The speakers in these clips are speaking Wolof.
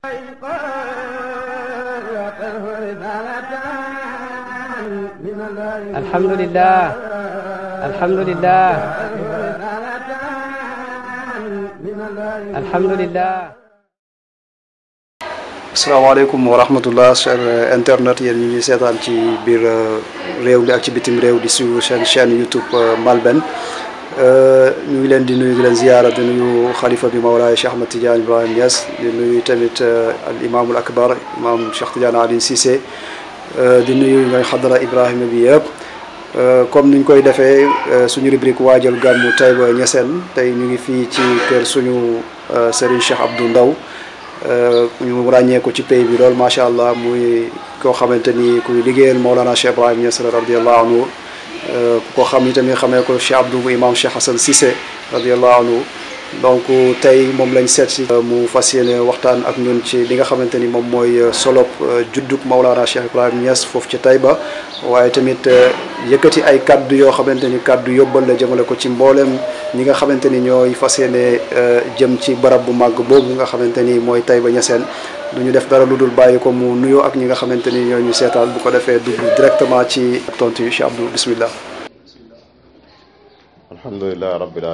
alhamdulilah alhamdulilah alhamdulilah. asalaamaaleykum wa rahmatullah cher internet yéen ñu ngi seetaan ci biir euh, réew mi ak ci bitim réew di suivre seen chaîne YouTube euh, Malben. Euh, ñu ngi leen di nuyu di leen ziyaara di nuyu xalifa bi Mawlaay Cheikh Ahmad Tidiane Ibrahima Niass di nuyu tamit euh, al imaamul akbar imaam Cheikh Tidiane Alioune Cissé euh, di nuyu ngay xadara Ibrahima bi yëpp. comme niñ koy defee suñu rubrique waajal gàmmu Taïba Niassène tey ñu ngi fii ci kër suñu Serigne Cheikh Abdou Ndaw ñu ràññee ko ci pays bi lool macha allah muy koo xamante ni kuy liggéeyal Mawlana Cheikh Ibrahima Niass radiyallahu anhu Euh, ku ko xam itamit xamee ko Cheikh Abdou bu imaam Cheikh Hassan Cissé radiyallahu anhu donc tey moom lañ seet si euh, mu fas yéene waxtaan ak ñun ci li nga xamante ni moom mooy euh, solop euh, juddug Maulana Cheikh Ibrahim Niass foofu ci Taïba waaye tamit yëkkati ay kàddu yoo xamante ni kaddu yóbbal la jëmale ko ci mbooleem ñi nga xamante ni ñooy fas yéene jëm ci barab bu màgg boobu nga xamante ni mooy Taïba Niassène du ñu def dara lu dul bàyyi ko mu nuyoo ak ñi nga xamante ni ñoo ñu seetaan bu ko defee dugg directement ci tontu yi Cheikh Abdou bismillah alhamdulilah rabbil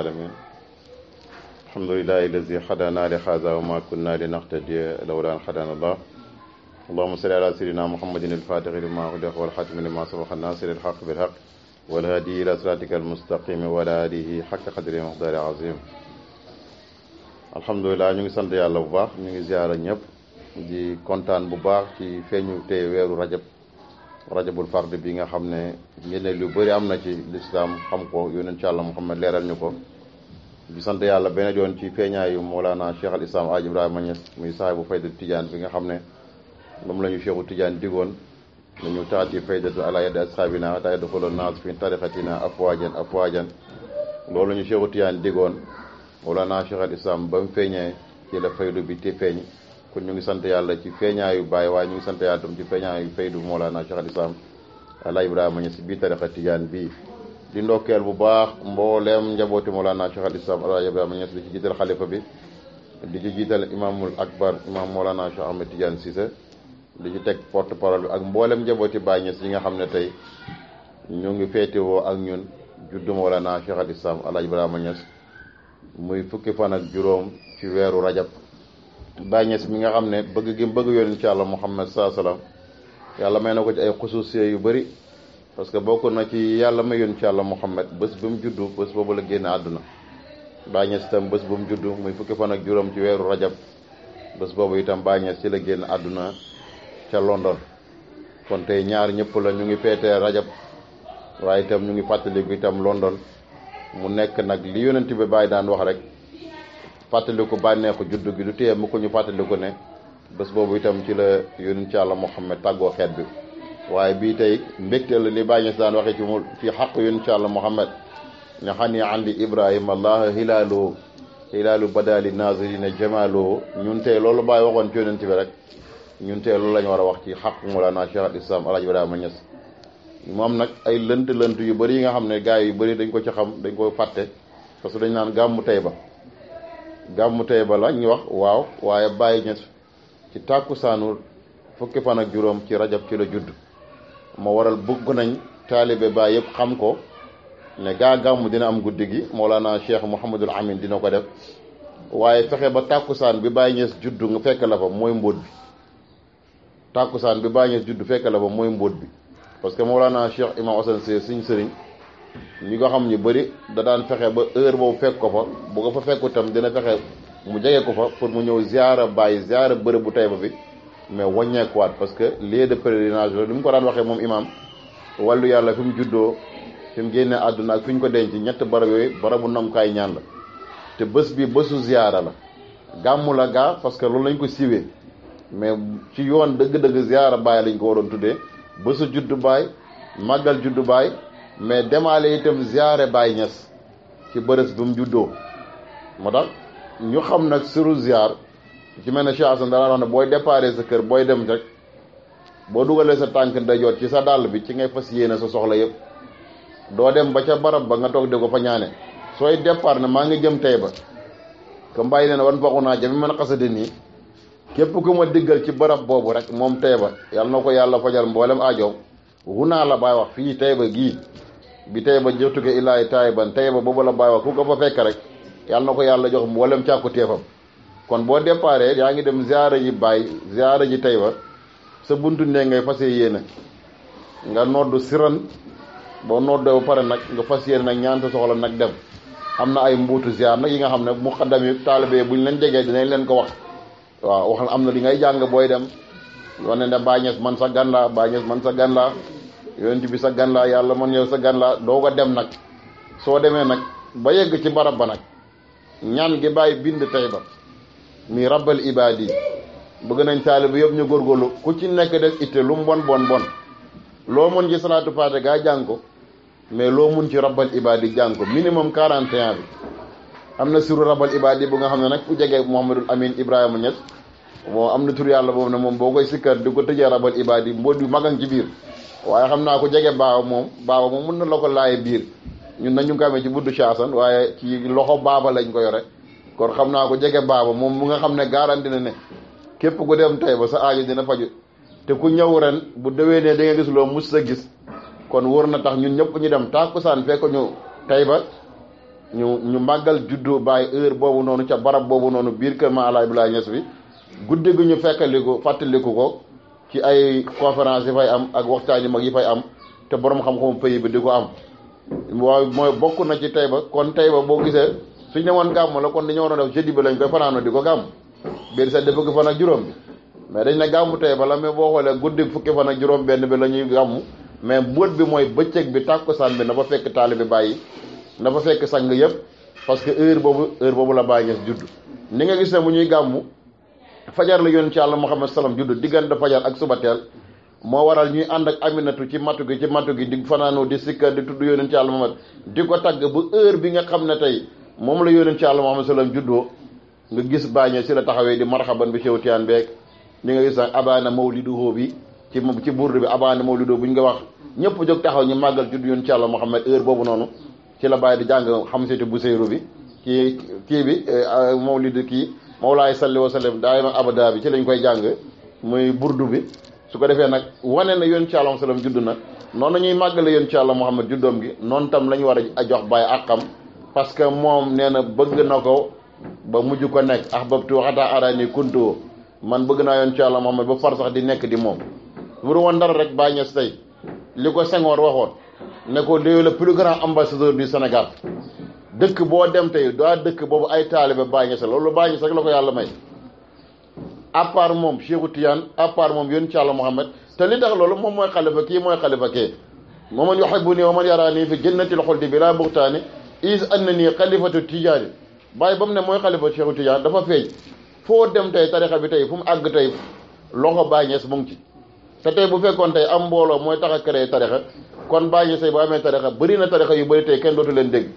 alhamdulillahi allazi hadana li hadha wa ma kunna linahtadiya lawla an hadana allah allahumma salli ala sayyidina muhammadin al-fatihi lima ughliqa wal khatimi lima sabaqa an-nasiri al-haqqi bil haqqi wal hadi ila siratika al-mustaqim wa ala alihi haqqa qadri wa miqdari azim alhamdulilah ñu ngi sant yàlla bu baax ñu ngi ziara ñëpp di kontaan bu baax ci feeñu tey weeru rajab rajabul fard bi nga xam ne ngeen lu bëri am na ci lislaam xam ko yonent ci yàlla Muhammad leeral ñu ko di sant yàlla benn yoon ci feeñaayu Mawlana Cheikh al Islam Aj a Niass muy saahibu fayda Tidiane bi nga xam ne moom la ñu Cheikhu Tidiane digoon nañu taati faydatu ala yadi asxaabina hatta yadxulu naas fi tariqatina afwaajan afwaajan loolu la ñu Cheikhu Tidiane digoon Mawlana Cheikh al Islam ba mu feeñee ci la faydu bi te feeñ kon ñu ngi sant yàlla ci feeñaayu Baay waaye ñu ngi sant yàlla tam ci feeñaayu faydu Mawlana Cheikh al Islam ala Ibrahima Niass bii tariqa Tidiane bii. di ndokkeel bu baax mbooleem njabooti Mawlana Cheikh al Islam Alaaji Ibrahima Ñas di ci jiital xalifa bi di ci jiital imaamul akbar imaam Mawlana Cheikh Ahmed Tidiane Cissé di ci teg porte parole bi ak mbooleem njabooti Baay Ñas yi nga xam ne tey ñu ngi féetewoo ak ñun juddu Mawlana Cheikh al Islam Alaaji Ibrahima Ñas muy fukki fan ak juróom ci weeru rajab Baay Ñas mi nga xam ne bëgg gi bëgg yoon incha allah Muhammad saa salaam yàlla may na ko ci ay xusuusiye yu bari parce que bokk na ci yàlla mayoon ci àlla Muhammad bés bu mu juddu bés boobu la génn àdduna bàññees tam bés bu mu juddu muy fukki fan ak juróom ci weeru rajab bés boobu itam bàññees ci la génn àdduna ca London kon tey ñaar ñëpp la ñu ngi feetee rajab waaye itam ñu ngi fàttaliku itam London mu nekk nag li yonent bi bàyyi daan wax rek fàttaliku bànneexu juddu bi lu téye mu ko ñu fàttaliku ne bés boobu itam ci la yonent ci àlla Muhammad tàggoo xeet bi waaye bii tey mbégte la baa bàyyi si daan waxee ci mu fi xaq yu incha allah muhammad ne xani andi ibrahima allah hilaaloo hilaalu badaali ne jamaaloo ñun tey loolu bàyyi waxoon ci yonent bi rek ñun tey loolu la ñu war a wax ci xaq Mawlana Cheikh al Islam Alaaji Ibrahima Ñas moom nag ay lënt lënt yu bëri yi nga xam ne gars yu bëri dañ ko ci xam dañ koy fàtte parce que dañ naan gàmmu tey ba gàmmu tey ba la ñu wax waaw waaye bàyyi ñes ci tàkkusaanu fukki fan ak juróom ci rajab ci la judd moo waral bëgg nañ taalibe ba yëpp xam ko ne gaa gàmm dina am guddi gi moo Mawlana Cheikh Mouhamadul Amin dina ko def waaye fexe ba tàkkusaan bi bàyyi Niass juddu nga fekk la fa mooy mbóot bi tàkkusaan bi Baye Niass juddu fekk la fa mooy mbóot bi parce que Mawlana Cheikh Imam Assane Sy suñ sëriñ ñi nga xam ñu bëri da daan fexe ba heure boobu fekk ko fa bu ko fa fekku tam dina fexe mu jege ko fa pour mu ñëw ziara bàyyi ziara bërëb bu Tayba bi mais wàññeekuwaat parce que lieu de pèlerinage la ni mu ko daan waxee moom imaam wàllu yàlla fi mu juddoo fi mu génnee àdduna ak fi ñu ko denc ñett barab yooyu barabu kaay ñaan la te bës bi bësu ziyaara la gàmmu la gaa parce que loolu lañ ko siwee mais ci yoon dëgg-dëgg ziyaara baay lañ ko waroon tuddee bésu juddu baay màggal juddu baay mais demaale itam ziyaare baay ñes ci bërës bi mu juddoo moo tax ñu xam nag suru ziyaar ci mel ne Cheikh Assane da wax ne booy déparé sa kër booy dem rek boo dugalee sa tànk ndeyjoor ci sa dàll bi ci ngay fas yéene sa soxla yëpp doo dem ba ca barab ba nga toog de ko fa ñaane sooy départ ne maa ngi jëm tey ba que mbàyyi nee na wan faxu naa jami mën a xasadi nii képp ku ma diggal ci barab boobu rek moom tey ba yàlla na ko yàlla fajal mboolem aajoom hunaa la bay wax fii tey ba gii bi tey ba jotuke ilaayi taay ban tey ba boobu la baay wax ko fa fekk rek yàlla na ko yàlla jox mboolem càkku téefam kon boo déparé yaa ngi dem ziara ji baay ziara ji tey tayba sa buntu ne ngay fase yéene nga noddu siran boo noddoo ba pare nag nga fas yéene nag ñaan sa soxla nag dem am na ay mbuutu ziar nag yi nga xam ne mu xaddam yi taalibe buñ leen jegee dinañ leen ko wax waaw wax am na li ngay jàng booy dem wane ne bàññees man sa gan laa bàññees man sa gan laa yonent bi sa ganlaa yàlla man yow sa ganlaa laa doo ko dem nag soo demee nag ba yegg ci barab ba nag ñaan gi bàyyi bind tey ba mi rabbal ibaadi bëgg nañ taalibu yëpp ñu góorgóorlu ku ci nekk def itte lu mu bon bon bon loo mun ci salaatu faate gaa jàng ko mais loo mun ci rabbal ibaadi jàng ko minimum 41 bi am na suru rabal ibaadi bu nga xam ne nag ku jege Mouhamadul Amin Ibrahima Niass moo am na tur yàlla boobu ne moom boo koy sikkar di ko tëjee rabbal ibaadi mboot yu magang ci biir waaye xam naa ko jege baaba moom baaba moom mun na la ko laaye biir ñun nañu ngi ko amee ci buddu caasan waaye ci loxo baaba lañ ko yore kon xam naa ko jege baaba moom mu nga xam ne garanti na ne képp ku dem tey ba sa aajo dina faju te ku ñaw ren bu déwénee da nga gis loo mus sa gis kon wër na tax ñun ñëpp ñu dem saan fekk ñu tey ba ñu ñu màggal juddu bàyyi heure boobu noonu ca barab boobu noonu biir kër ma bu Ibrahima Ñas bi guddi gu ñu fekkaliku fàttaliku ko ci ay conférence yi fay am ak waxtaan yu mag yi fay am te boroom xam-xamu pays bi di ko am waaye mooy bokk na ci tey ba kon tey ba boo gisee suñ ne woon gàmm la kon dañoo waroon def jeudi bi lañ koy fanaanoo di ko gàmm biir set fukki fan ak juróom bi mais dañ ne gàmm tey bala mais boo xoolee guddi fukki fan ak juróom benn bi la ñuy gàmm mais bóot bi mooy bëccëg bi tàkkusaan bi na fa fekk taalibe bàyyi na fa fekk sang yëpp parce que heure boobu heure boobu la bàyyi ñes judd ni nga gis ne bu ñuy gàmm fajar la yoon ci àlla Muhammad salaam judd diggante fajar ak suba teel moo waral ñuy ànd ak aminatu ci matu gi ci matu gi di fanaanoo di sikka di tudd yonent ci àlla Muhammad di ko tagg bu heure bi nga xam ne tey moom la yónent ci Yàlla Muhammad sallam juddoo nga gis bàññe si la taxawee di marxaban bi cew tiyaan beeg di nga gis nag abana mawliduhu bi ci ci burdu bi abana mawliduhu bu ñu nga wax ñëpp jóg taxaw ñu màggal judd yónent ci Yàlla Muhammad heure boobu noonu ci la bàyyi di jàng xamsati bu seyru bi kii kii bi eh, mawlidu kii mawlaay salli wa sallam daayima abada bi ci lañ koy jàng muy burdu bi su ko defee nag wane na yoon ci Yàlla sallam judd na noonu ñuy màggale yónent ci Yàlla Muhammad juddoom gi noonu tam la ñu war a jox bàyyi àqam parce que moom nee na bëgg na ko ba mujj ko nekk ahbabtu hatta arani kuntu man bëgg naa yoon ci Yàlla Muhammad ba far sax di nekk di moom buru woon dara rek Baye Niass li ko Senghor waxoon ne ko léegi le plus grand ambassadeur du Sénégal dëkk boo dem tey daa dëkk boobu ay taalibe Baye Niass loolu Baye Niass rek la ko yàlla may à moom Cheikhou Tidiane à part moom yoon ci Yàlla Muhammad te li tax loolu moom mooy xalifa kii mooy xalifa kii mooman yuhibbuni wa man yarani fi jannatil xuldi is an na nii xalifatu tijaani bàyyi ba mu ne mooy xalifa cheikhu tijaani dafa feeñ foo dem tey tarixa bi tey fu mu àgg tey loxo Baay Ñas mu ngi ci te tey bu fekkoon tey am mbooloo mooy tax a créé tarixa kon Baay Ñas tey bu amee tarixa bari na tarixa yu bëri tey kenn dootu leen dégg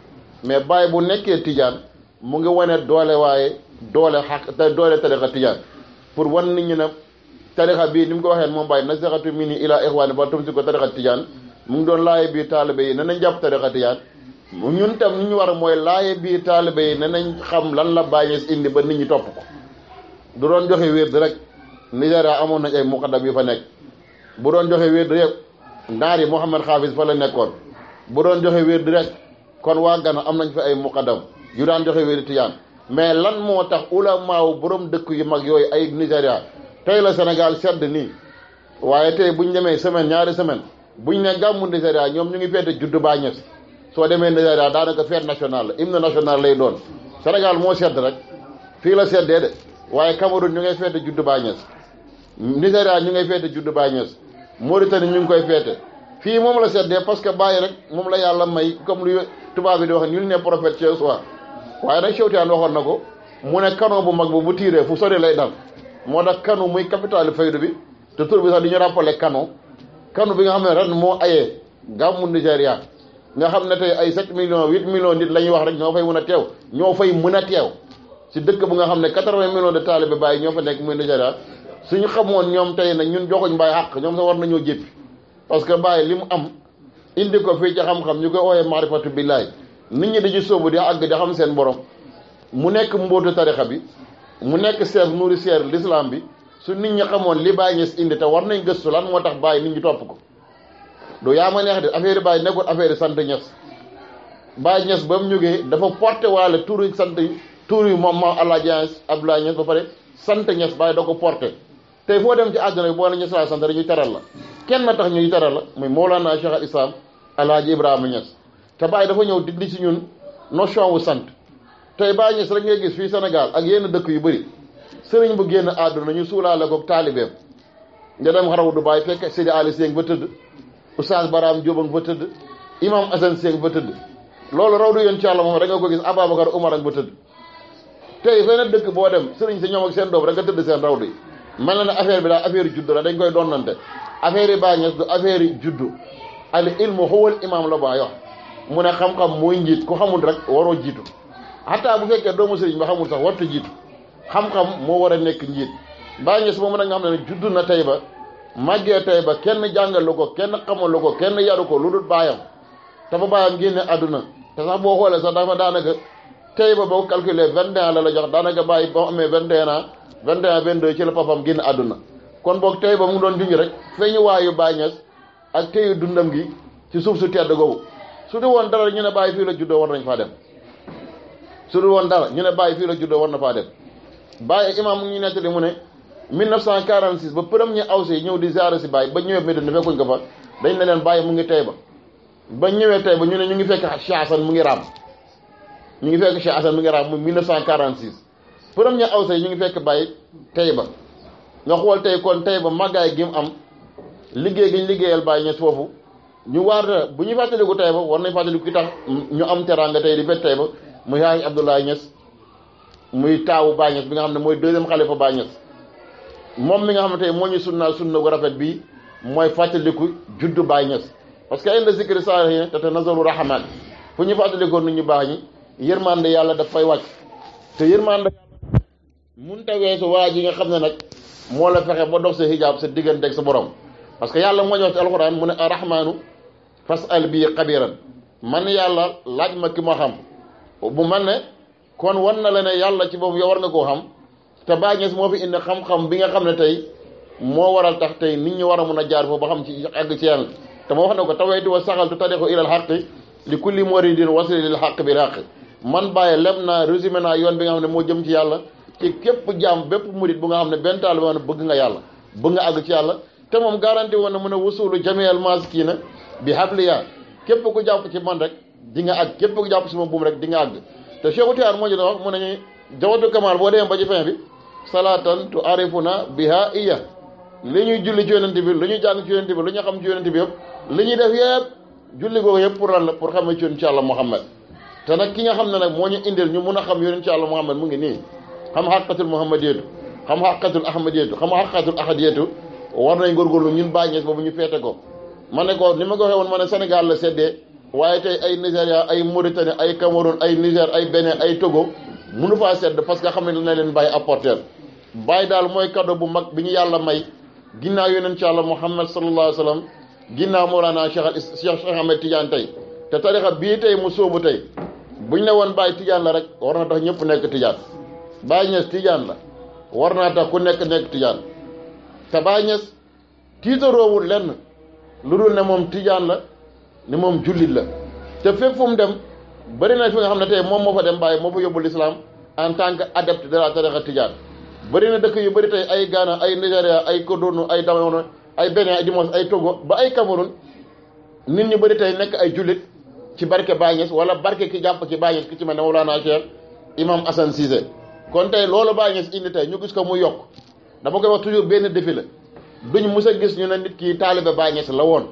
mais Baay bu nekkee tijaan mu ngi wane doole waaye doole xaq te doole tarixa tijaan pour wan nit ñi ne tarixa bii ni mu ko waxee moom Baay nasihatu minni ilaa ixwaani ba tumsi ko tarixa mu ngi doon laaye bii taalibe yi na nañ jàpp tarixa ñun tam ni ñu war a mooy laaye biir taaliba yi ne nañ xam lan la bàyyi indi ba nit ñi topp du doon joxe wér rek Nigéria amoon nañ ay muqaddam yu fa nekk bu doon joxe wér rek naar yi Mouhamed Xaafis fa la nekkoon bu doon joxe wér rek kon waa Gana am nañ fa ay muqaddam yu daan joxe wér tijaan mais lan moo tax la ulamaaw borom dëkk yu mag yooyu ay Nigéria tey la Sénégal sedd nii waaye tey buñ demee semaine ñaari semaine buñ ne gàmmu Nigéria ñoom ñu ngi féete juddu baa ñes soo demee Nigéria daanaka fête nationale national hymne national lay doon Sénégal moo sedd rek fii la seddee de waaye Cameroun ñu ngay feete juddu Baay Ñas Nigéria ñu ngay feete juddu Baay Ñas Mauritanie ñu ngi koy feete fii moom la seddee parce que Baay rek moom la yàlla may comme lu tubaab bi di wax nul n'est prophète chez soi waaye nag Cheikhtidiane waxoon na ko mu ne canon bu mag bu bu tiiree fu sori lay dal moo tax kano muy capitale faydu bi te tur bi sax di ñu rappelé canon canon bi nga xam ne ren moo ayee gàmmu Nigéria nga xam ne tey ay 7 millions 8 millions nit la ñuy wax rek ñoo fay mën a teew ñoo fay mën a teew si dëkk bu nga xam ne 80 millions de taalibe bàyyi ñoo fa nekk muy Nigéria suñu xamoon ñoom tey nag ñun joxuñ Baay xàq ñoom sax war nañoo parce que Baay li mu am indi ko fii ci xam ñu koy ooyee maarifatu billaay nit ñi dañuy sóobu di àgg di xam seen borom mu nekk mbóotu tarixa bi mu nekk seer nourricière l'islam bi su nit ñi xamoon li Baay Ñas indi te war nañ gëstu lan moo tax Baay nit ñi topp ko du yaa ma neex de affaire baay nekkul affaire sant ñes baay ñes ba mu jógee dafa porté waale tur yi sant tur yi moom maam El Hadj Abdoulaye ñes ba pare sant ñes baay da ko porte tey foo dem ci àdduna bi boo ne ñes laa sant dañuy teral la kenn na tax ñuy teral la muy Mawlana Cheikh al Islam El Hadj ñes te baay dafa ñëw dindi ci ñun notion wu sant tey baay ñes rek ngay gis fii Sénégal ak yenn dëkk yu bëri sëriñ bu génn àdduna ñu suulaale ko taalibeem nga dem xaraw du bàyyi fekk Sidi Ali Seng ba tëdd. Oustaz Baraam Diop a fa tëdd Imam Assane fa tëdd loolu raw yoon ci yàlla moom da nga ko gis Ababacar Umar nga fa tëdd tey fay na dëkk boo dem sëriñ si ñoom ak seen doom da nga tëdd seen raw mel na ne bi daal affaire yi juddu la dañ koy donnante affaire yi bàñes du affaire yi juddu al ilmu huwal imam la baa yox mu ne xam-xam mooy njiit ku xamul rek waroo jiitu xataa bu fekkee doomu sëriñ ba xamul sax warta jiitu xam-xam moo war a nekk njiit bàñes moom na tey ba màggee tey ba kenn jàngalu ko kenn xamalu ko kenn yaru ko lu dul baayam te ba baayam génne àdduna te sax boo xoolee sax dafa daanaka tey ba boo calculé vingt et la la jox daanaka bàyyi boo amee vingt et un ans vingt et un ci la papam génne àdduna kon boo tey ba mu doon junj rek feeñu waayu Baay Ñas ak teyu dundam gi ci suuf su tedd googu su du woon dara ñu ne bàyyi fii la juddoo war nañ faa dem su du woon dara ñu ne bàyyi fii la juddoo war na faa dem bàyyi imaam mu ngi nettali mu ne 1946 ba premier awse yi ñëw di ziara si Baye ba ñëwee Medina fekkuñ ko fa dañ ne leen Baye mu ngi tey ba ba ñëwee tey ba ñu ne ñu ngi fekk Cheikh Assane mu ngi raam mu ngi fekk Cheikh Assane mu ngi raam mu 1946 premier awse yi ñu ngi fekk Baye tey ba nga xool tey kon tey ba màggaay gi mu am liggéey gi liggéeyal Baye Niass foofu ñu waarta bu ñuy fàttaliku tey ba war nañ fàttaliku ki tax ñu am teraanga tey di fekk tey ba muy Haaj Abdoulaye Niass muy taawu Baye bi nga xam ne mooy deuxième xalifa Baye Niass moom mi nga xamante ne moo ñu sunnaal sunna gu rafet bii mooy fàttaliku juddu Baay Ñas parce que inda zikri saalihiina tatanazalu rahmaat fu ñu fàttalikoo nit ñu baax ñi yërmande yàlla daf fay wàcc te yërmande mun ta weesu waa ji nga xam ne nag moo la fexe ba dox sa hijaab sa diggante ak sa borom parce que yàlla moo ñu wax ci alxuraan mu ne arrahmaanu fas al bii xabiran man yàlla laaj ma ki ma xam bu man ne kon wan na leen yàlla ci boobu yow war nga koo xam te Baay Ñas moo fi indi xam-xam bi nga xam ne tey moo waral tax tey nit ñi war a mun a jaar foofu ba xam ci àgg ci yàlla te moo wax ne ko tawaytu wa saxaltu tarixu ilal xaqi li kulli muridin wasli lil xaq bi raqi man bàyyi lem naa résumé naa yoon bi nga xam ne moo jëm ci yàlla bépp murit bu xam ne benn taal boo xam ne bëgg nga yàlla bëgg nga àgg ci yàlla te moom garanti woon na mën a wusulu jameel maskina bi habliya képp ku jàpp ci man rek di nga àgg képp ku jàpp ci moom buum rek di nga àgg te Cheikh moo ñu doon wax mu ne ñu jawatu Kamal boo demee ba ci bi salaatan tu arifuna biha iya li ñuy julli ci yonent bi lu ñuy jàng ci yonent bi lu ñu xam ci yonent bi yëpp li ñuy def yëpp julli googu yëpp pour lan la pour xamee ci yonent ci Yàlla Muhammad te nag ki nga xam ne nag moo ñu indil ñu mun a xam yonent ci Yàlla Muhammad mu ngi nii xam xaqatul muhammadiyatu xam xaqatul ahmadiyatu xam xaqatul ahadiyatu war nañ góorgóorlu ñun bàyyi ñes boobu ñu feete ko ma ne ko ni ma ko waxee ma ne Sénégal la seddee waaye tey ay Nigéria ay Mauritanie ay ay Niger ay Benin ay Togo mënu faa sedd parce que xam ne dina leen bàyyi apporter bàyyi daal mooy cadeau bu mag bi ñu yàlla may ginnaaw yeneen ci àlla muhammad sallallahu alayhi wa sallam ginnaaw Mawlana Cheikh Cheikh Ahmed Tidiane tey te tarixa bii tey mu sóobu tey bu ñu ne woon bàyyi Tidiane la rek war na tax ñëpp nekk Tidiane bàyyi ñes tiijaan la war naa tax ku nekk nekk Tidiane te bàyyi ñes tiitaroowul lenn lu dul ne moom tiijaan la ni moom jullit la te fépp fu mu dem. bëri na fi nga xam ne tey moom moo fa dem bàyyi moo fa yóbbu l'islam en tant que adepte de la tariqa tidiane bëri na dëkk yu bëri tey ay Ghana ay Nigéria ay Cotonou ay Damaono ay Benin ay Dimos ay Togo ba ay Cameroun nit ñu bëri tey nekk ay jullit ci barke Baye Niass wala barke ki jàpp ci Baye Niass ki ci mel ne Mawlana Cheikh Imam Assane Cissé kon tey loolu Baye Niass indi tey ñu gis ko mu yokk dama koy wax toujours benn défi la duñ mus a gis ñu ne nit ki taalibe Baye Niass la woon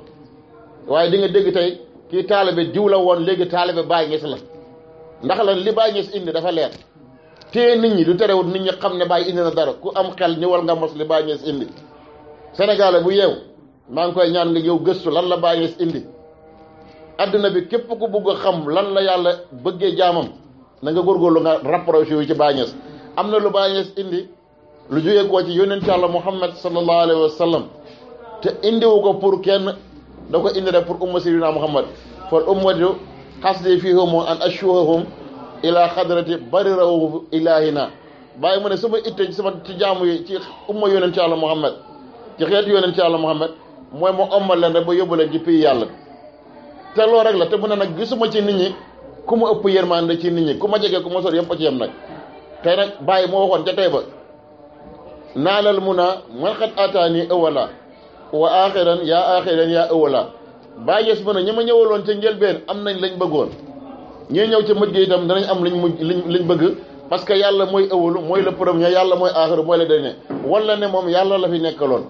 waaye di nga dégg tey kii taalibe diw la woon léegi taalibe Baay Ñas la ndax lan li baa Ñas indi dafa leer téye nit ñi du terewut nit ñi xam ne baa indi na dara ku am xel ñëwal nga mos li Baay Ñas indi Sénégalais bu yeew maa ngi koy ñaan nga yow gëstu lan la baa Ñas indi adduna bi képp ku bugg a xam lan la yàlla bëggee jaamam na nga góorgóorlu nga rapproché wu ci Baay Ñas am na lu Baay Ñas indi lu jógee koo ci yoneen Yàlla Muhammad sallallahu alayhi wa sallam te indiwu ko pour kenn da ko indi rek pour umma sayyidina Muhammad fal ummatu qasdi fihum an ashuhum ila xadrati barirahu ilahina bàyyi mu ne sama itte ci sama ci jaamu yi ci umma yonent ci yàlla Muhammad ci xeetu yonent ci yàlla Muhammad mooy ma ommal leen rek ba yóbbu leen ci yàlla te loolu rek la te mu ne nag gisuma ci nit ñi ku ma ëpp yërmande ci nit ñi ku ma jege ku ma sor yëpp a ci yem nag tey nag bàyyi moo waxoon ca tey naa naanal mu a man xat ataani ëwala wa aaxiran yaa aaxiran yaa ëwala Baay Ñas mu ne ñi ma ñëwaloon ca njëlbeen am nañ lañ bëggoon ñii ñëw ca mujj gi itam danañ am liñ mujj lañ liñ bëgg parce que yàlla mooy ëwalu mooy le premier yàlla mooy aaxiru mooy la dernier la ne moom yàlla la fi nekkaloon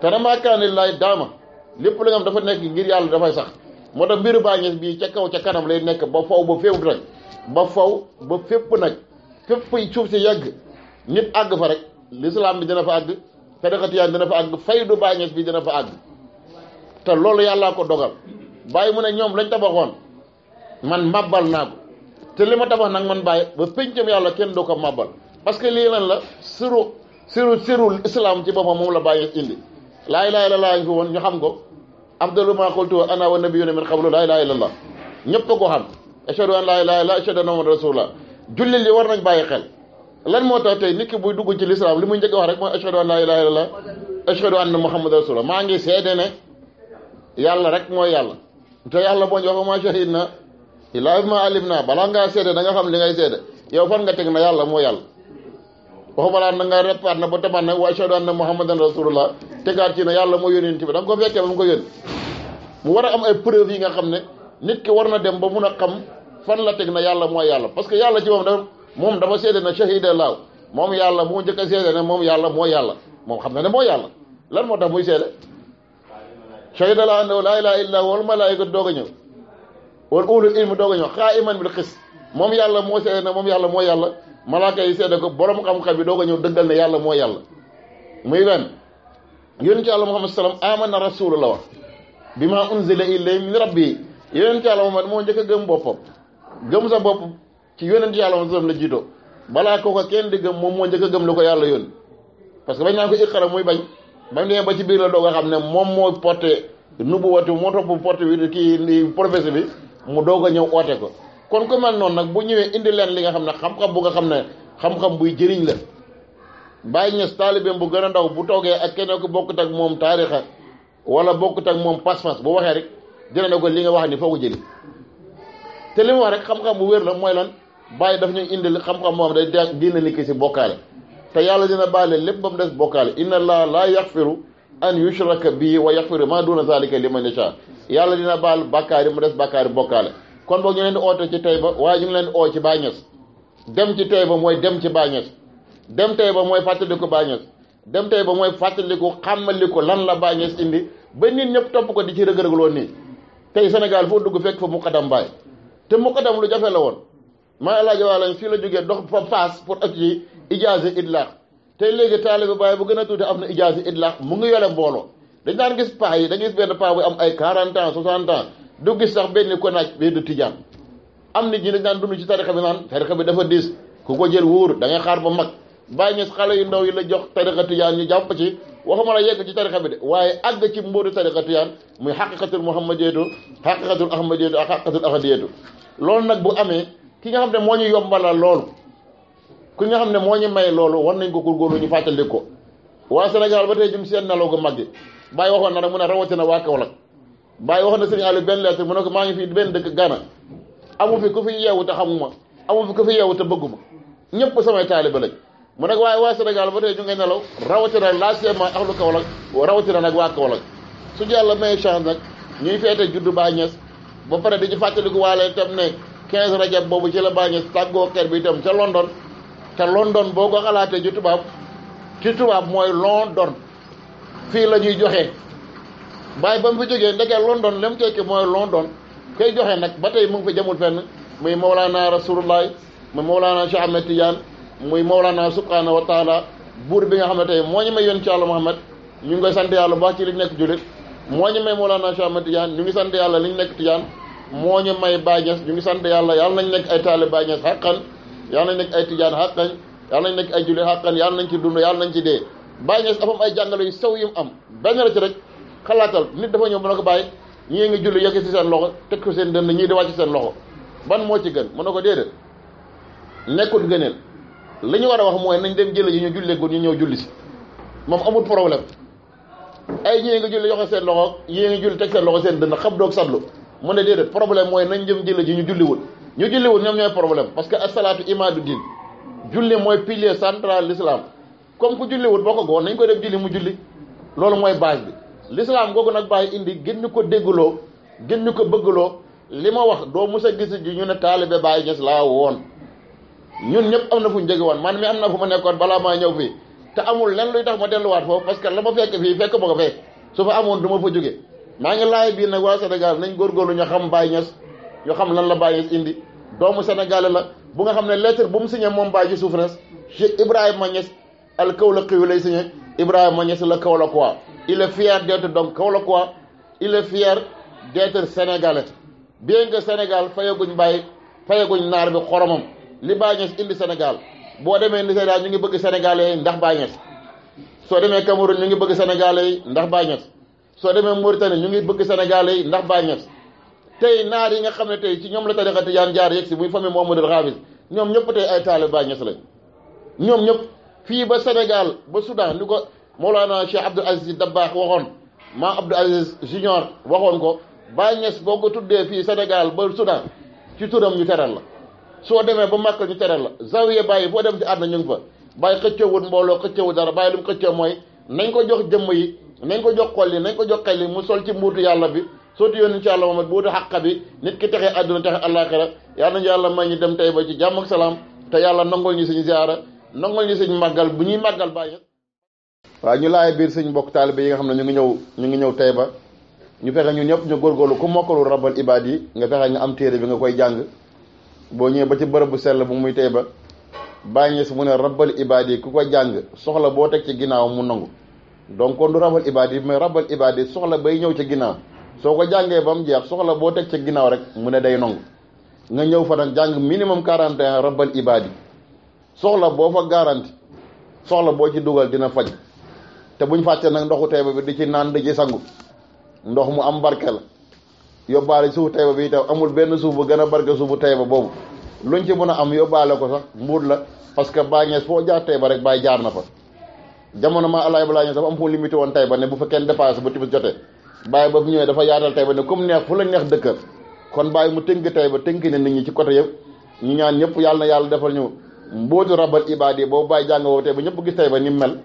te maa kaana lillaahi daama lépp la nga dafa nekk ngir yàlla dafay sax moo tax mbiru Baay Ñas bii ca kaw ca kanam lay nekk ba faw ba fépp nag ba faw ba fépp nag fépp fay suuf si yàgg nit àgg fa rek lislaam bi dina fa àgg tariqa tijaan dina fa àgg fay du Ñas bi dina fa àgg te loolu yàllaa ko dogal bàyyi mu ne ñoom lañ tabaxoon man màbbal naa ko te li ma tabax nag man bàyyi ba péncam yàlla kenn du ko màbbal parce que lii lan la siru siru sirul islam ci boppam moom la Baay indi laa ilaaha illallaah ngi fi woon ñu xam ko afdalu maa qultu ana wa nabiyyuuna min qablu laa a ko xam ashhadu laa ilaaha illallaah war nañ bàyyi xel lan moo tax tey nit ki buy dugg ci lislaam li muy njëkk wax rek mooy ashhadu an laa ilaaha illallaah ashhadu anna muhammadan rasulullah maa ngi seede ne yàlla rek mooy yàlla te yàlla boo ñu wax ma na illaa bimaa alim naa balaa ngaa seede nga xam li ngay seede yow fan nga teg na yàlla moo yàlla waxumalaa na na ba tabaat na wa ashhadu anna muhammadan rasulullah tegaat ci ne yàlla moo yónent bi da nga ko fekkee ba mu ko yónni war a am ay preuve yi nga xam ne nit ki war na dem ba mun a xam fan la teg na yàlla mooy yàlla parce que yàlla ci moom dafa moom dafa seede na shahida laaw moom yàlla moo njëkk a seede ne moom yàlla moo yàlla moom xam na ne moo yàlla lan moo tax muy seede shahida laaw annahu laa ilaaha illaa huwa wal malaa'ikatu ñëw wal ulul ilmi a ñëw qaa'iman bil qist moom yàlla moo seede ne moom yàlla moo yàlla malaaka yi seede ko borom xam-xam bi doog a ñëw dëggal ne yàlla moo yàlla muy benn yonent yàlla Muhammad salaam amana rasulu la wax bi ma unzila ilayhi rab yi yonent yàlla Muhammad moo njëkk a gëm boppam gëm sa bopp ci yonent yàlla moom sallam la jiitoo balaa kooka kenn di gëm moom moo njëkk a gëm la ko yàlla yoon parce que bañ naa ko iqara muy bañ bañ demee ba ci biir la doog a xam ne moom moo porté nubu watu moo topp porté bi kii professeur bi mu doog a ñëw oote ko kon ku mel noonu nag bu ñëwee indi leen li nga xam ne xam-xam bu nga xam ne xam-xam buy jëriñ la bàyyi ñes taalibeem bu gën a ndaw bu toogee ak keneen ku bokkut ak moom taarixa wala bokkut ak moom pas-pas bu waxee rek dina ne ko li nga wax ni foo ko jëli te li mu wax bu wér la mooy lan bàyyi daf indi indil xam-xam moom day génne nit ki si bokkaale te yàlla dina baale lépp ba mu des bokkaale inna allah laa yaxfiru an yushraka bii wa yaxfiru maa duna zalika liman yasha yàlla dina baal bàkkaar yi mu des bàkkaar yi bokkaale kon boog ñu leen di oote ci tey ba waaye ñu ngi leen di oo ci bàññees dem ci tey ba mooy dem ci bàññees dem tey ba mooy fàttaliku bàññees dem tey ba mooy fàttaliku xàmmaliku lan la bàññees indi ba nit ñëpp topp ko di ci rëg-rëgloo nii tey Sénégal foo dugg fekk fa muqadam baay te muqadam lu jafe la woon maa laaj waa lañ fii la jógee dox fa paas pour ak yi ijaase idlaax tey léegi taalibe baay bu gën a tuuti am na ijaase idlaax mu ngi yore mbooloo dañ daan gis paa yi dañu gis benn paa bu ay 40 ans 60 sax benn ko naaj bee du tijaan am nit ñi dañ daan dund ci tarixa bi naan tarixa bi dafa diis ku ko jël wóor da xaar ba mag bàyyi ñes xale yu ndaw yi la jox tarixa tijaan ñu jàpp ci waxuma la yegg ci tarixa bi de waaye àgg ci mbóotu tarixa tijaan muy xaqiqatul muhammadiyatu xaqiqatul ahmadiyatu ak xaqiqatul ahadiyatu loolu nag bu amee ki nga xam ne moo ñu yombalal loolu ku nga xam ne moo ñu may loolu war nañ ko góorgóorlu ñu fàttali ko waa Sénégal ba tey jum seen nelaw ga màgg bàyyi waxoon na rek mu ne rawatina waa Kaolack bàyyi waxoon na Serigne Aliou benn lettre mu ne ko maa ngi fi benn dëkk Gana amu fi ku fi yeewu te amu fi ku fi yeewu te bëgguma ñëpp samay taaliba lañ mu nag waaye waa Sénégal ba tey ñu ngay nelaw rawatina laa seulement ahlu Kaolack rawatina nag waa Kaolack su yàlla may chance nag ñuy feete juddu baa Ñas ba pare di ci fàttaliku waale tam ne 15 rajab boobu ci la baa ngi tàggoo ker bi itam ca London te London boo ko xalaatee ci tubaab ci tubaab mooy London fii la ñuy joxe bàyyi ba mu fi jógee ndeke London lem tekki mooy London koy joxe nag ba tey mu ngi fi jamul fenn muy Mawlana Rasulullah muy Mawlana Cheikh Ahmed Tidiane muy Mawlana subhanahu wa taala buur bi nga xam ne tey moo ñu may yoon ci Yàlla Muhammad ñu ngi koy sant yàlla bu baax ci li nekk jullit moo ñu may Mawlana Cheikh Ahmed Tidiane yàlla li ñu nekk Tidiane moo ñu may Baay ñu ngi sant yàlla yàlla nañ nekk ay taale Baay Ñas xàqan yàlla nañ nekk ay tijaan xàqan yàlla nañ nekk ay julli xàqan yàlla nañ ci dund yàlla nañ ci dee Baay Ñas dafa ay jàngale yu sew yu mu am benn la ci rek xalaatal nit dafa ñëw mën a ko bàyyi ñii ngi julli yokk ci loxo teg ko seen dënn ñii di wàcc seen loxo ban moo ci gën mën na ko déedéet nekkul gëneel ñu war a wax mooy nañ dem jële yi ñu julleegul ñu ñëw julli si moom amul problème ay ñii ngi julli yoxe seen loxo yii ngi julli teg seen loxo seen dënn xam doog sadlu mu ne déedéet problème mooy nañ jëm jële ji ñu julliwul ñu julliwul ñoom ñooy problème parce que asalaatu imaadu diin julli mooy pilier central l'islam comme ku julliwul boo ko goon nañ koy def julli mu julli loolu mooy base bi l'islam googu nag bàyyi indi gën ñu ko dégguloo gën ñu ko bëggloo li ma wax doo mës a gis ji ñu ne taalibe Baye Niass laa woon ñun ñëpp am na fu ñu jóge woon man mi am na fu ma nekkoon balaa maa ñëw fii te amul lenn luy tax ma delluwaat foofu parce la ma fekk fii fekk ma amoon du ma fa jóge maa ngi laaj bii nag waa Sénégal nañ góorgóorlu ñu xam Baye Niass ñu xam lan la Baye Niass indi doomu Sénégal la bu nga xam ne lettre bu mu signé moom baay ci suuf na Cheikh Ibrahima Niass al Kaolack lay signé Ibrahima Niass la Kaolackois il est fier d'être donc Kaolackois il est fier d'être sénégalais bien que Sénégal fayaguñ Baye fayaguñ naar bi xoromam li baa Niass indi Sénégal boo demee ni Nigéria ñu ngi bëgg Sénégalais ndax Baye Niass soo demee Cameroun ñu ngi bëgg Sénégalais ndax Baye Niass soo demee Mauritanie ñu ngi bëgg Sénégalais yi ndax Baye Niass tey naar yi nga xam ne tey ci ñoom la tarixa tijaan jaar yegg si muy famille Mohamadul a ñoom ñëpp tey ay taalibe Baye Niass lañ ñoom ñëpp fii ba Sénégal ba Soudan ni ko Mawlana Cheikh Abdou Aziz Dabakh waxoon maa Abdou Aziz Junior waxoon ko Baye Niass boo ko tuddee fii Sénégal ba Soudan ci turam ñu teral la soo demee ba Màkka ñu teral la zawiya bàyyi foo dem ci àdduna ñu ngi fa bàyyi xëccoowut mbooloo xëccoowut dara bàyyi lu mu xëccoo mooy nañ ko jox jëmm yi nañ ko jox yi nañ ko jox xel li mu sol ci mbuutu yàlla bi soo sotti yónni ci yàlla moom mbuutu xàq bi nit ki texe àdduna texe àllaaxira yal nañu yàlla may ñu dem tey ba ci jàmm ak te yàlla nangol ñu suñu ziara nangol ñu suñu màggal bu ñuy màggal bàyyi waaw ñu laay biir suñ mbokk taalibe yi nga xam ne ñu ngi ñëw ñu ngi ñëw tey ba ñu fexe ñu ñëpp ñu góorgóorlu ku mokkalul rabal ibaad yi nga fexe nga am téere bi nga koy jàng boo ñëwee ba ci bërëb bu sell bu muy tey ba bàyyi mu ne rabal ibaad yi ku koy jàng soxla boo teg ci ginnaaw mu nangu donc kon du rabal ibaad mais rabal ibaad soxla bay ñëw ca ginnaaw soo ko jàngee ba mu jeex soxla boo teg ca ginnaaw rek mu ne day nangu nga ñëw fa nag jàng minimum 41 rabal ibaad yi soxla boo fa garanti soxla boo ci dugal dina faj te buñ fàtte nag ndoxu tayba bi di ci naan di ci sangu ndox mu am barke la yóbbaale suufu tayba bi itam amul benn suuf bu gën a barke suufu tayba boobu luñ ci mën a am yóbbaale ko sax mbuut la parce que bàññees foo jaar tayba rek baay jaar na fa jamono ma alaay balaa ñëw dafa am fu limité woon Taïba ne bu fa kenn dépassé ba timis jotee bàyyi ba mu ñëwee dafa yaatal Taïba ne comme neex fu la neex dëkkal kon bàyyi mu tënk Taïba tënk na ñu ñaan ñëpp yàlla na yàlla defal ñu mbootu rabal ibaadi boobu bàyyi jàng woo Taïba ñëpp gis Taïba ni mel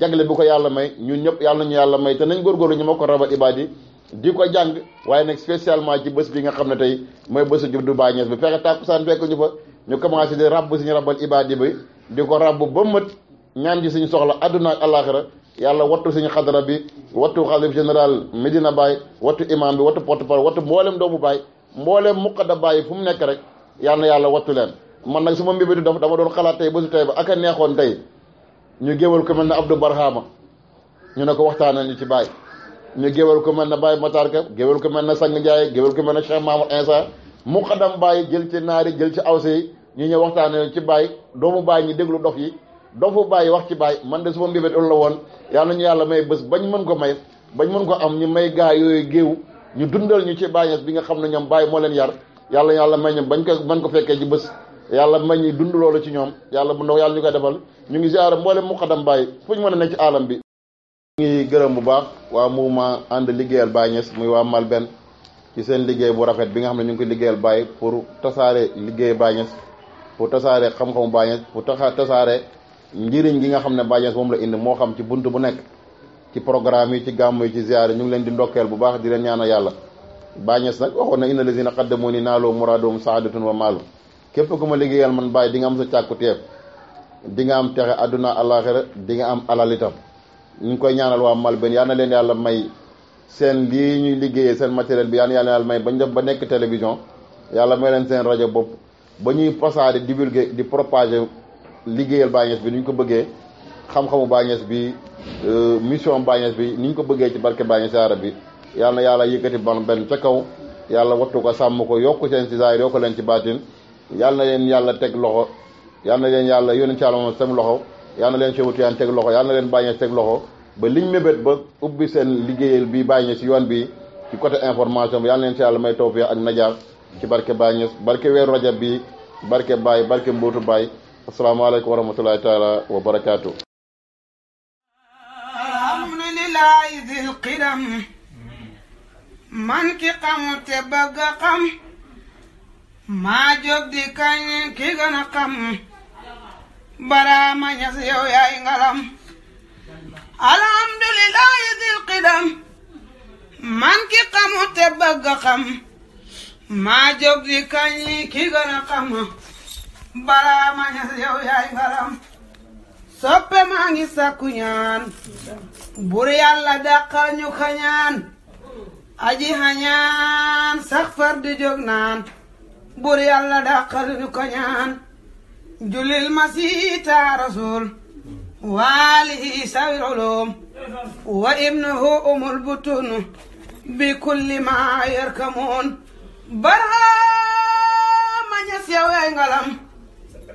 jagle bu ko yàlla may ñun ñëpp yàlla nañu yàlla may te nañ góorgóorlu ñu ma ko rabal ibaadi di ko jàng waaye nag spécialement ci bés bi nga xam ne tey mooy bésu juddu Baay Ñas bi ñu fa ñu commencé di rabb suñu rabal ibaadi bi di ko rabb ba mët ñaan ji suñu soxla adduna ak alaxira yàlla wattu suñu xadara bi wattu xalif général Medina Baye wattu imam bi wattu porte-parole wattu mboolem doomu Baye mboolem muqada Baye fu mu nekk rek yàlla yàlla wattu leen man nag su ma mbébétu dafa dama doon xalaat ba bésu tey ba ak a neexoon tey ñu géwal ko mel ne Abdou Barhama ñu ne ko waxtaanee ñu ci Baye ñu géwal ko mel ne Baye Matar Ka géwal ko mel ne Sang jaay géwal ko mel ne Cheikh Mamadou Insa muqadam Baye jël ci naari jël ci awse yi ñu ñëw waxtaanee ci Baye doomu Baye ñi déglu dof yi dofu bàyyi wax ci bàyyi man de suma mbébét la woon yàlla nañu yàlla may bës bañ man ko may bañ man ko am ñu may gaa yooyu géew ñu dundal ñu ci bàyyi bi nga xam ne ñoom bàyyi moo leen yar yàlla yàlla may ñoom bañ ko mën ko fekkee ci bës yàlla may ñuy dund loolu ci ñoom yàlla bu ndaw yàlla ñu koy defal ñu ngi ziara mboolem muqaddam bàyyi fu ñu mën a nekk ci alam bi ngi gërëm bu baax waa mouvement ànd liggéeyal Baye Niass muy waa Malben ci seen liggéey bu rafet bi nga xam ne ñu ngi ko liggéeyal Baye pour tasaare liggéey Baye Niass pour xam-xamu Baye Niass pour tasaare njëriñ gi nga xam ne bàyyees moom la indi moo xam ci bunt bu nekk ci programme yi ci gàmm yi ci ziar yi ñu ngi leen di ndokkeel bu baax di leen ñaanal yàlla bàññees nag waxoon na inna lazina qaddamoo ni naaloo muradoom saadatun wa maalum képp ku ma liggéeyal man bàyyi di nga am sa càkkuteef di nga am texe àdduna àllaaxira di nga am alal itam ñu ngi koy ñaanal waa Malben yal na leen yàlla may seen lii ñuy liggéeyee seen matériel bi yal na yàlla may bañ def ba nekk télévision yàlla may leen seen rajo bopp di divulguer liggéeyal Baye bi ni ko bëggee xam-xamu Baye Niass bi euh, mission Baye Niass bi ni ko bëggee ci barke Baye Niass Arab bi yàlla na yàlla yëkkati ban benn ca kaw yàlla wattu ko sàmm ko yokku seen ci zaahir yokku leen ci baatin yàlla na leen yàlla teg loxo yàlla na leen yàlla yónni ci àlama seen loxo yàlla na leen Cheikh Tidiane teg loxo yàlla na leen Baye Niass teg loxo ba liñ mébét ba ubbi seen liggéeyal bi Baye Niass ci yoon bi ci côté information bi yàlla na leen ci yàlla may tawfiq ak najaar ci barke Baye Niass barke weeru bi barke Baye barke mbootu Baye asalaamaaleykum wa rahmatulahi taala wa barakaatu. man ki xamul te bëgg a maa jóg kañ ki gën a xam baraama ñas yow yaay ngalam alhamdulilahi dil qidam man ki xamul te bëgg a maa jóg kañ ki gën a balaa ma ñas yow yaay soppe maa ngi sakku ñaan bur yàlla dàqal ñu xañaan aji xañaan sax far di jóg naan bur yàlla dàqal ñu xañaan julil masiita rasul waalihi sawil ulum wa ibnuhu umul butun bi kulli ma yarkamun balaa ma ñas yow yaay ngalam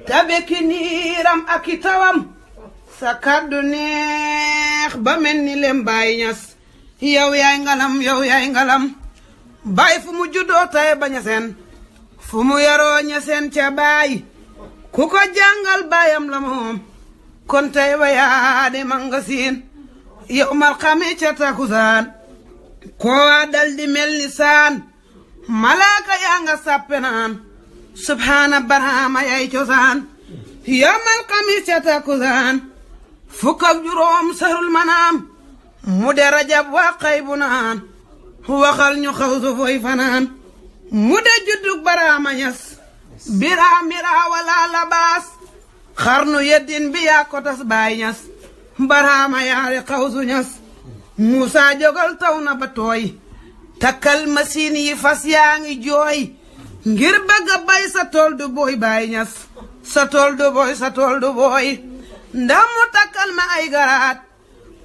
tabe ki niiram ak i tawam sa kàddu neex ba mel ni lem Baay Ñas yow yaay ngalam yow yaay ngalam Baay fu mu juddoo tay ba fu mu yaroo ñaseen ca Baay ku ko jàngal baayam la moom kon tay yaade manga siin yow mal ca takusaan koo dal di mel ni saan malaaka yaa nga sàppe naan subhaana baraama yay cosaan yomal xamis ya takkusaan fukk juróom sarul manaam mu de rajab waa xay waxal ñu xaw foy fanaan mu de juddug baraama ñas biraa miraa wala labaas xarnu yeddin bi yaa ko baay ñas baraama yaari xaw ñas muusaa jogal taw na ba tooy takkal masiin yi fas yaa ngi jooy ngir bëgg bay sa tool du booy baay sa tool du sa tool du booy ndax mu takkal ma ay garaat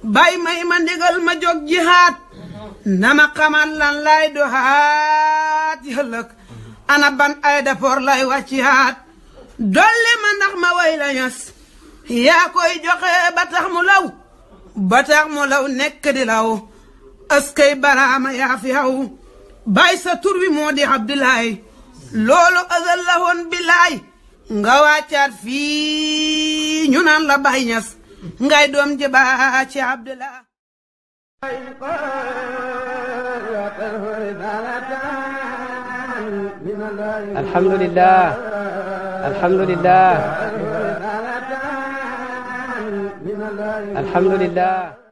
bay may ma ndigal ma jóg jihaat na ma xamal lan lay doxaat yëllëg ana ban ay dapoor lay wàccihaat dolli ma ndax ma way la yaa koy joxe ba tax mu law ba tax mu law nekk di law askay baraama yaa bay sa tur moo di Abdoulaye loolu ësal la woon bilaay nga wàccaat fii ñu naan la Baay Ñas ngay doom jëbaa ci Abdullah alhamdulillah alhamdulillah alhamdulillah